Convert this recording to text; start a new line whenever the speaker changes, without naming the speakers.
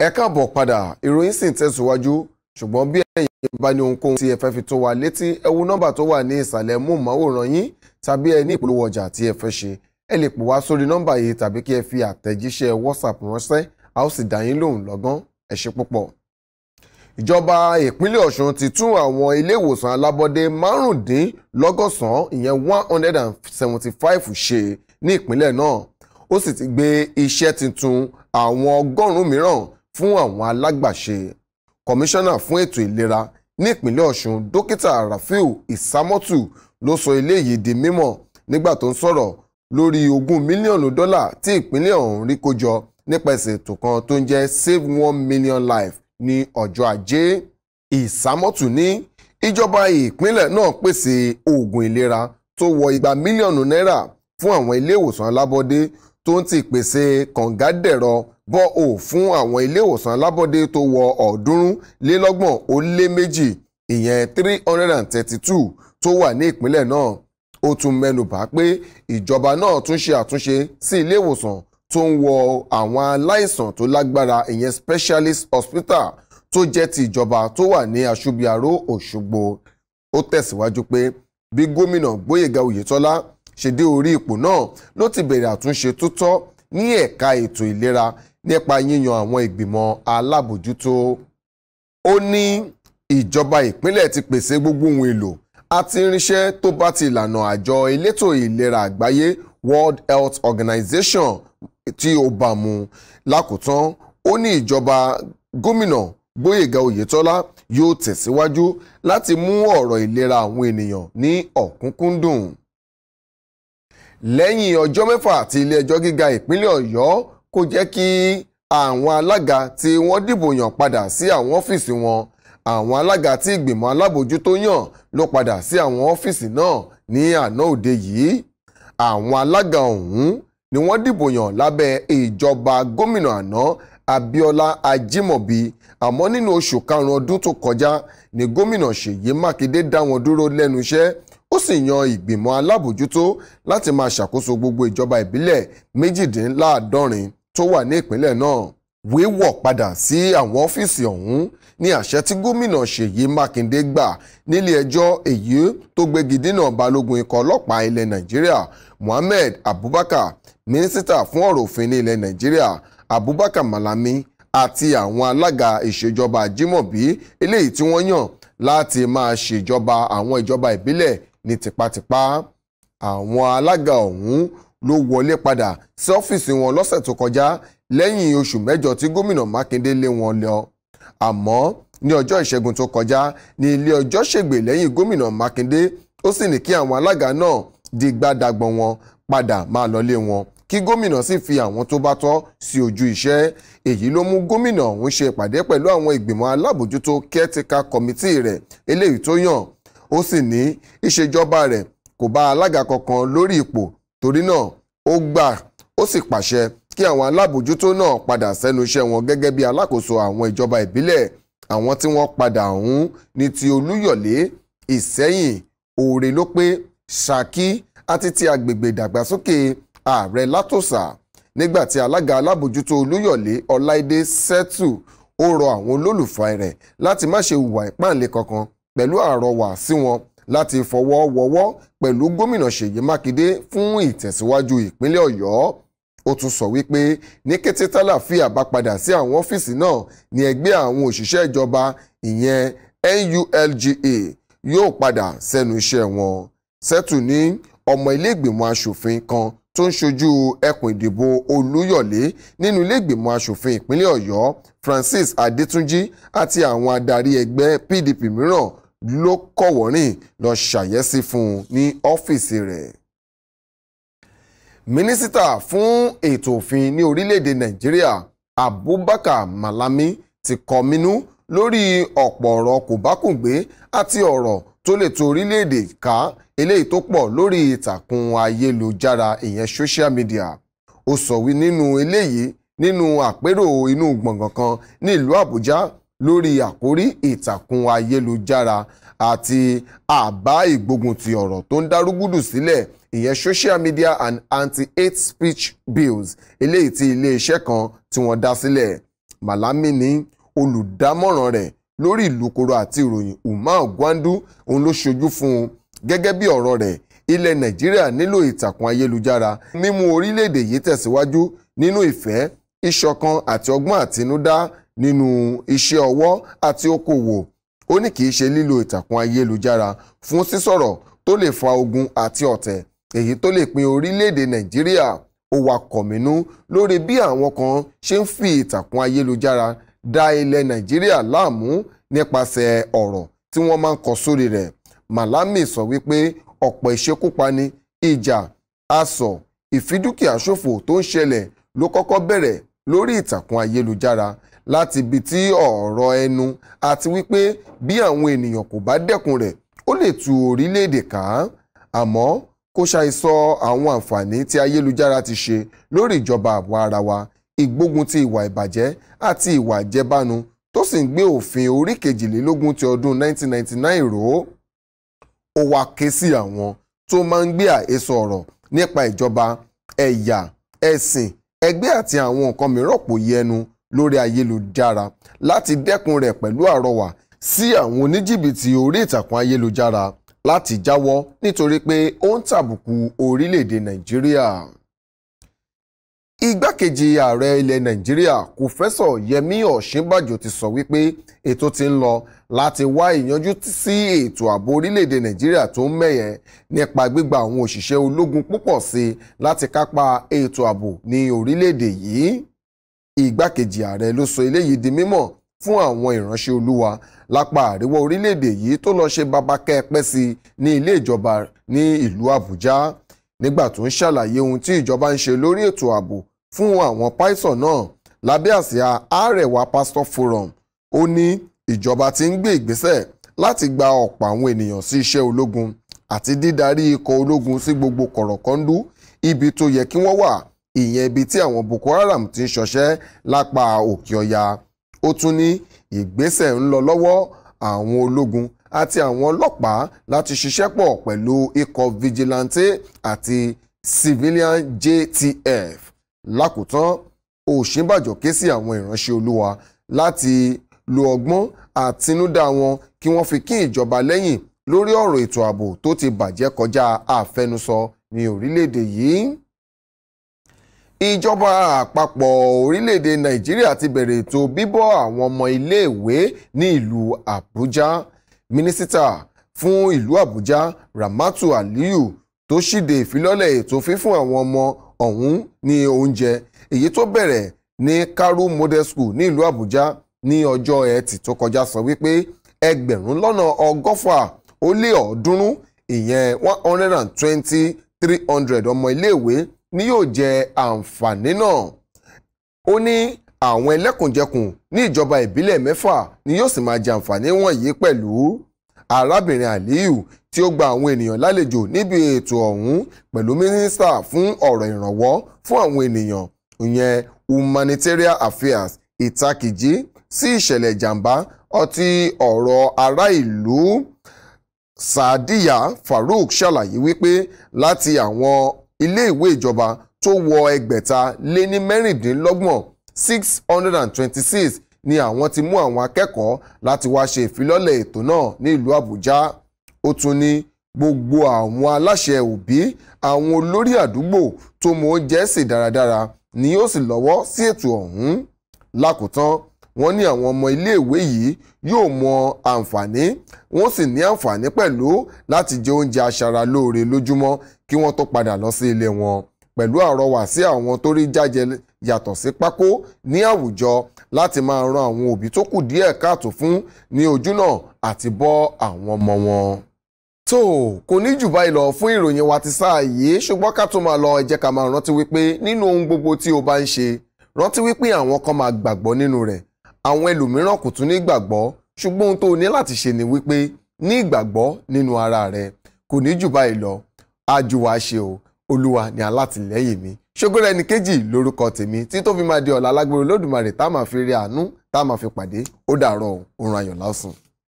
ẹ káàbọ̀ padà ìròyìn sì ń tẹ̀síwájú ṣùgbọ́n bí ẹ̀yin bá ní ohunkóhun tí ẹ fẹ́ fi tó wa létí ẹ wo nọ́mbà tó wà ní ìsàlẹ̀ móhùnmáwòrán yín tàbí ẹ ní ìpolówó ọjà tí ẹ fẹ́ ṣe ẹ lè pò wá sórí nọ́mbà yìí tàbí kí ẹ fi àtẹ̀jíṣẹ́ whatsapp ránṣẹ́ a ó sì dá yín lóhùn lọ́gán ẹ ṣe púpọ̀. ìjọba ìpínlẹ̀ ọ̀ṣun ti tún àwọn ilé ìwòsàn alábọ́dé márùndínlọ́gọ́sàn ìyẹn one hundred and seventy five ṣe ní ìpínlẹ̀ náà ó sì ti gbé iṣẹ́ tuntun àwọn ọgọ́rùn-ún mìíràn fún àwọn alágbàṣe kọmíṣánná fún ètò ìlera ní ìpínlẹ̀ ọ̀ṣun dókítà rafiu isamotu ló sọ eléyìí di mímọ̀ nígbà tó ń sọ̀rọ̀ lórí ogún mílíọ̀nù dọ́là tí ìpínlẹ̀ ọ̀hún rí kó jọ ètò kan tó ń jẹ́ save one million life ní ọjọ́ ajé ìsámọ́tù ní ìjọba ìpínlẹ̀ náà pèsè oògùn ìlera tó wọ igba mílíọ̀nù náírà fún àwọn ilé ìwòsàn alábọ́dé tó ń ti pèsè kàngádẹ̀rọ bọ́ọ̀ fún àwọn ilé ìwòsàn alábọ́dé tó wọ ọ̀ọ́dúnrún lélọ́gbọ̀n ó lé méjì ìyẹn three hundred and thirty two tó wà ní ìpínlẹ̀ náà ó tún mẹ́nubà pé ìjọba náà tún ṣe àtúnṣe sí ilé ìwòsàn tó ń wọ àwọn aláìsàn tó lágbára ìyẹn specialist hospital tó jẹ́ ti ìjọba tó wà ní Aṣubiaró Òṣogbo ó tẹ̀síwájú pé bí gómìnà Gbóyèga Oyètọ́lá ṣe dé orí ipò náà ló ti bẹ̀rẹ̀ àtúnṣe tó tọ́ ní ẹ̀ka ètò ìlera nípa yíyan àwọn ìgbìmọ̀ alábòjútó ó ní ìjọba ìpínlẹ̀ ti pèsè gbogbo ohun èlò àti irinṣẹ́ tó bá ti ìlànà àjọ elétò ìlera àgbáyé World Health Organization tí ó bá mu lákòótán ó ní ìjọba gómìnà Gbóyèga Oyètọ́lá yóò tẹ̀síwájú láti mú ọ̀rọ̀ ìlera àwọn ènìyàn ní ọ̀kúnkúndùn lẹ́yìn ọjọ́ mẹ́fà tí ilé ẹjọ́ gíga ìpínlẹ̀ Ọ̀yọ́ kò jẹ́ kí àwọn alága tí wọ́n dìbò yàn padà sí àwọn ọ́fíìsì wọn àwọn alága tí ìgbìmọ̀ alábòjútó yàn ló padà sí àwọn ọ́fíìsì náà ní àná òde yìí àwọn alága ọ̀hún ni wọ́n dìbò yàn lábẹ́ ìjọba gómìnà àná Abíọ́lá Ajímọ̀bí àmọ́ nínú oṣù karùn-ún ọdún tó kọjá ni gómìnà Ṣèyí Mákindé dá wọn dúró lẹ́nu iṣẹ́ ó sì yan ìgbìmọ̀ alábòjútó láti máa ṣàkóso gbogbo ìjọba ìbílẹ̀ méjìdínláàádọ́rin tó wà ní ìpínlẹ̀ náà wíwọ̀ padà sí àwọn ọ́fíìsì ọ̀hún ní àṣẹ tí gómìnà Ṣèyí Mákindé gbà nílé ẹjọ́ èyí tó gbégi dínà balógun ikọ̀ ọlọ́pàá ilẹ̀ Nàìjíríà Mohammed Abubakar mínísítà fún ọ̀rọ̀ òfin ní ilẹ̀ Nàìjíríà Abubakar Malami àti àwọn alága ìṣèjọba Ajímọ̀bí eléyìí tí wọ́n yàn láti máa ṣèjọba àwọn ìjọba ìbílẹ̀ ní tipátipá àwọn alága ọ̀hún ló wọlé padà sí ọ́fíìsì wọn lọ́sẹ̀ tó kọjá lẹ́yìn oṣù mẹ́jọ tí gómìnà Mákindé lé wọn lọ àmọ́ ní ọjọ́ ìṣẹ́gun tó kọjá ní ilé ọjọ́ ṣègbè lẹ́yìn gómìnà Mákindé ó sì ní kí àwọn alága náà di gbádàgbọ̀n wọn padà máa lọlé wọn kí gómìnà sì fi àwọn tó bá tọ́ sí ojú iṣẹ́ èyí ló mú gómìnà ọ̀hún ṣe ìpàdé pẹ̀lú àwọn ìgbìmọ̀ alábòjútó kẹ́tíkà kọ̀mítì rẹ̀ eléyìí tó yàn ó sì ní ìṣèjọba rẹ̀ kò bá alága kankan lórí ipò torí náà ó gbà ó sì pàṣẹ kí àwọn alábòjútó náà padà sẹ́nu iṣẹ́ wọn gẹ́gẹ́ bí alákòóso àwọn ìjọba ìbílẹ̀ àwọn tí wọ́n padà ọ̀hún ní ti olúyọ̀lé ìsẹ́yìn òòrè ló pé ṣákí àti ti agbègbè ìdàgbàsókè ààrẹ látòsà nígbà tí alága alábòjútó olúyọ̀lé ọláìdé sẹ́tù ó rọ àwọn olólùfẹ́ rẹ̀ láti má ṣe hùwà ìpáǹle kankan pẹ̀lú àrọwà sí wọn láti fọwọ́ wọwọ́ pẹ̀lú gómìnà Ṣèyí Mákindé fún ìtẹ̀síwájú ìpínlẹ̀ Ọ̀yọ́ ó tún sọ wípé ní kété tálàfíà bá padà sí àwọn ọ́fíìsì náà ní ẹgbẹ́ àwọn òṣìṣẹ́ ìjọba ìyẹn NULGA yóò padà sẹ́nu iṣẹ́ wọn sẹ́tù ní ọmọ iléègbìmọ̀ asòfin kan tó ń ṣojú ẹkùn ìdìbò olúyọ̀lé nínú iléègbìmọ̀ asòfin ìpínlẹ̀ Ọ̀yọ́ Francis Adétúnjì àti àwọn adarí ẹgbẹ́ PDP mìíràn ló kọ̀wọ́rìn lọ ṣàyẹ́sí fún un ní ọ́fíìsì rẹ̀ mínísítà fún ètò òfin ní orílẹ̀-èdè nàìjíríà abubakar malami ti kọminú lórí ọ̀pọ̀ ọ̀rọ̀ kòbákùngbé àti ọ̀rọ̀ tó lè tò orílẹ̀-èdè ká eléyìí tó pọ̀ lórí ìtàkùn ayélujára ìyẹn social media ó sọ wí nínú eléyìí nínú àpérò inú gbọ̀ngàn kan ní àbújá lórí àkórí ìtàkùn ayélujára àti àbá ìgbógunti ọ̀rọ̀ tó ń darúgúdù sílẹ̀ ìyẹn social media and anti-hate speech bills eléyìí tí iléeṣẹ́ kan tí wọ́n dá sílẹ̀ Malami ní olùdámọ̀ràn rẹ̀ lórí ìlúkoro àti ìròyìn Umar Gwandu òun ló ṣojú fún un gẹ́gẹ́ bí ọ̀rọ̀ rẹ̀ ilẹ̀ Nàìjíríà nílò ìtàkùn ayélujára mímú orílẹ̀-èdè yìí tẹ̀síwájú nínú ìfẹ́ ìṣọ̀kan àti ọgbọ́n àtinúdá nínú iṣẹ́ ọwọ́ àti okòwò ó ní kì í ṣe lílo ìtàkùn ayélujára fún sísọ̀rọ̀ tó lè fa ogun àti ọ̀tẹ̀ èyí tó lè pin orílẹ̀-èdè nàìjíríà ó wá kọ̀mínú lórí bí àwọn kan ṣe ń fi ìtàkùn ayélujára dá ilẹ̀ nàìjíríà láàmú nípasẹ̀ ọ̀rọ̀ tí wọ́n máa ń kọ sórí rẹ̀ malami sọ wípé ọ̀pọ̀ ìṣekúpani ìjà asọ̀ ìfidúkìá ṣòfò tó ń ṣẹlẹ̀ ló kọ́kọ́ bẹ̀rẹ̀ lórí ìtàkùn ayélujára láti ibi tí ọ̀rọ̀ ẹnu àti wípé bí àwọn ènìyàn kò bá dẹ́kun rẹ̀ ó lè tu orílẹ̀-èdè ká àmọ́ kó ṣàìsọ àwọn àǹfààní tí ayélujára ti ṣe lórí ìjọba àwa ara wa ìgbógun ti ìwà ìbàjẹ́ àti ìwà ìjẹbánu tó sì ń gbé òfin orí kejìlélógún ti ọdún 1999 rò ó ó wá ké sí àwọn tó máa ń gbé àhesọ ọ̀rọ̀ nípa ìjọba ẹ̀yà ẹ̀sìn ẹgbẹ́ àti àwọn nǹkan mìíràn pò yẹnu lórí ayélujára láti dẹ́kun rẹ̀ pẹ̀lú àrọwà sí àwọn oníjìbìtì orí ìtàkùn ayélujára láti jáwọ́ nítorí pé ó ń tàbùkù orílẹ̀-èdè nàìjíríà igbákejì ààrẹ ilẹ̀ nàìjíríà kòfẹ́sọ̀ yẹmí ọ̀ṣínbàjò ti sọ wípé ètò ti ń lọ láti wá ìyanjú sí ètò ààbò orílẹ̀-èdè nàìjíríà tó ń mẹ̀yẹ nípa gbígba àwọn òṣìṣẹ́ ológun púpọ̀ sí láti kápá ètò ààbò ní orílẹ̀-èdè yìí igbákejì ààrẹ ló sọ eléyìí di mímọ̀ fún àwọn ìránṣẹ́ olúwa lápá àríwá orílẹ̀-èdè yìí tó lọ ṣe babakẹ́ pẹ́ sí ní ilé ìjọba ní ìlú àbújá nígbà tó ń ṣàlàyé ohun tí ìjọba ń ṣe lórí ètò ààbò fún àwọn pásọ náà lábẹ́ àsíá àrẹwà pastor forum ó ní ìjọba ti ń gbé ìgbésẹ̀ láti gba ọ̀pọ̀ àwọn ènìyàn sí iṣẹ́ ológun àti dídarí ikọ̀ ológun sí gbogbo kọ̀rọ̀kọ́ndú ibi tó yẹ kí wọ́n wà ìyẹn ibi tí àwọn Boko Haram ti ń ṣọṣẹ́ lápá òkè ọya ó tún ní ìgbésẹ̀ ń lọ lọ́wọ́ àwọn ológun àti àwọn ọlọ́pàá láti ṣiṣẹ́ pọ̀ pẹ̀lú ikọ̀ vigilante àti civilian JTF lákòótán Ọ̀ṣínbàjò ké sí àwọn ìránṣẹ́ Olúwa láti lo ọgbọ́n àtinúdá wọn kí wọ́n fi kín ìjọba lẹ́yìn lórí ọ̀rọ̀ ètò ààbò tó ti bàjẹ́ kọjá àfẹnusọ ní orílẹ̀-èdè yìí ìjọba àpapọ̀ orílẹ̀-èdè nàìjíríà ti bẹ̀rẹ̀ ètò bíbọ́ àwọn ọmọ iléèwé ní ìlú àbújá mínísítà fún ìlú àbújá ramatu aliyu tó ṣíde ìfilọ́lẹ̀ ètò fífún àwọn ọmọ ọ̀hún ní oúnjẹ èyí tó bẹ̀rẹ̀ ní karu model school ní ìlú àbújá ní ọjọ́ ẹtì tó kọjá sọ wípé ẹgbẹ̀rún lọ́nà ọgọ́fà ó lé ọ̀ọ́dúnrún ìyẹn one hundred and twenty three hundred ọmọ iléèwé ni yóò jẹ àǹfààní náà ó ní àwọn ẹlẹ́kùnjẹkùn ní ìjọba ìbílẹ̀ mẹ́fà ni yóò sì máa jẹ àǹfààní wọ̀nyí pẹ̀lú arábìnrin aliyu tí ó gba àwọn ènìyàn lálejò níbi ètò ọ̀hún pẹ̀lú mínísítà fún ọ̀rọ̀ ìrànwọ́ fún àwọn ènìyàn ìyẹn humanitarian affairs ìtakìjí sí ìṣẹ̀lẹ̀ ìjàmbá ọtí ọ̀rọ̀ ará ìlú sadiya farouk ṣàlàyé wípé láti àwọn ilé ìwé ìjọba tó wọ ẹgbẹ̀ta lé ní mẹ́rìndínlọ́gbọ̀n six hundred and twenty-six ni àwọn ti mú àwọn akẹ́kọ̀ọ́ láti wá ṣe ìfilọ́lẹ̀ ètò náà ní ìlú Àbújá ó tún ní gbogbo àwọn aláṣẹ òbí àwọn olórí àdúgbò tó mọ oúnjẹ sè dáradára ni yóò sì lọ́wọ́ sí ètò ọ̀hún lákòótán wọ́n ní àwọn ọmọ iléèwé yìí yóò mọ àǹfààní wọ́n sì ní àǹfààní pẹ̀lú láti jẹ oúnjẹ aṣaralóore lójúmọ́ kí wọ́n tó padà lọ sí ilé wọn pẹ̀lú àrọwà sí àwọn tó rí jájẹ yàtọ̀ sí pákó ní àwùjọ láti máa ran àwọn òbí tó kù díẹ̀ káàtó fún ní ojúnà àti bọ́ àwọn ọmọ wọn. tó kò ní jù báyìí lọ fún ìròyìn wa ti sáà yìí ṣùgbọ́n ká tó máa lọ ẹ jẹ́ ká máa rántí wípé nínú ohun gbogbo tí o bá ń ṣe rántí wípé àwọn kan máa gbàgbọ́ nínú rẹ̀ àwọn ẹlòmíràn kò tún ní gbàgbọ́ ṣùgbọ́n ohun tó o ní láti ṣe ni wípé ní ìgbàgbọ́ nínú ara rẹ kò ní jù báyìí lọ Ajuwa ṣe o olúwa ni alátìlẹ́yìn mi ṣogúnrẹ́ ẹnì kejì lórúkọ tèmi tí tó fi máa di ọ̀la lágbóró lódùmarè tá máa fi rí àánú tá máa fi pàdé ó dàárọ̀ òun ayọ̀ lásùn.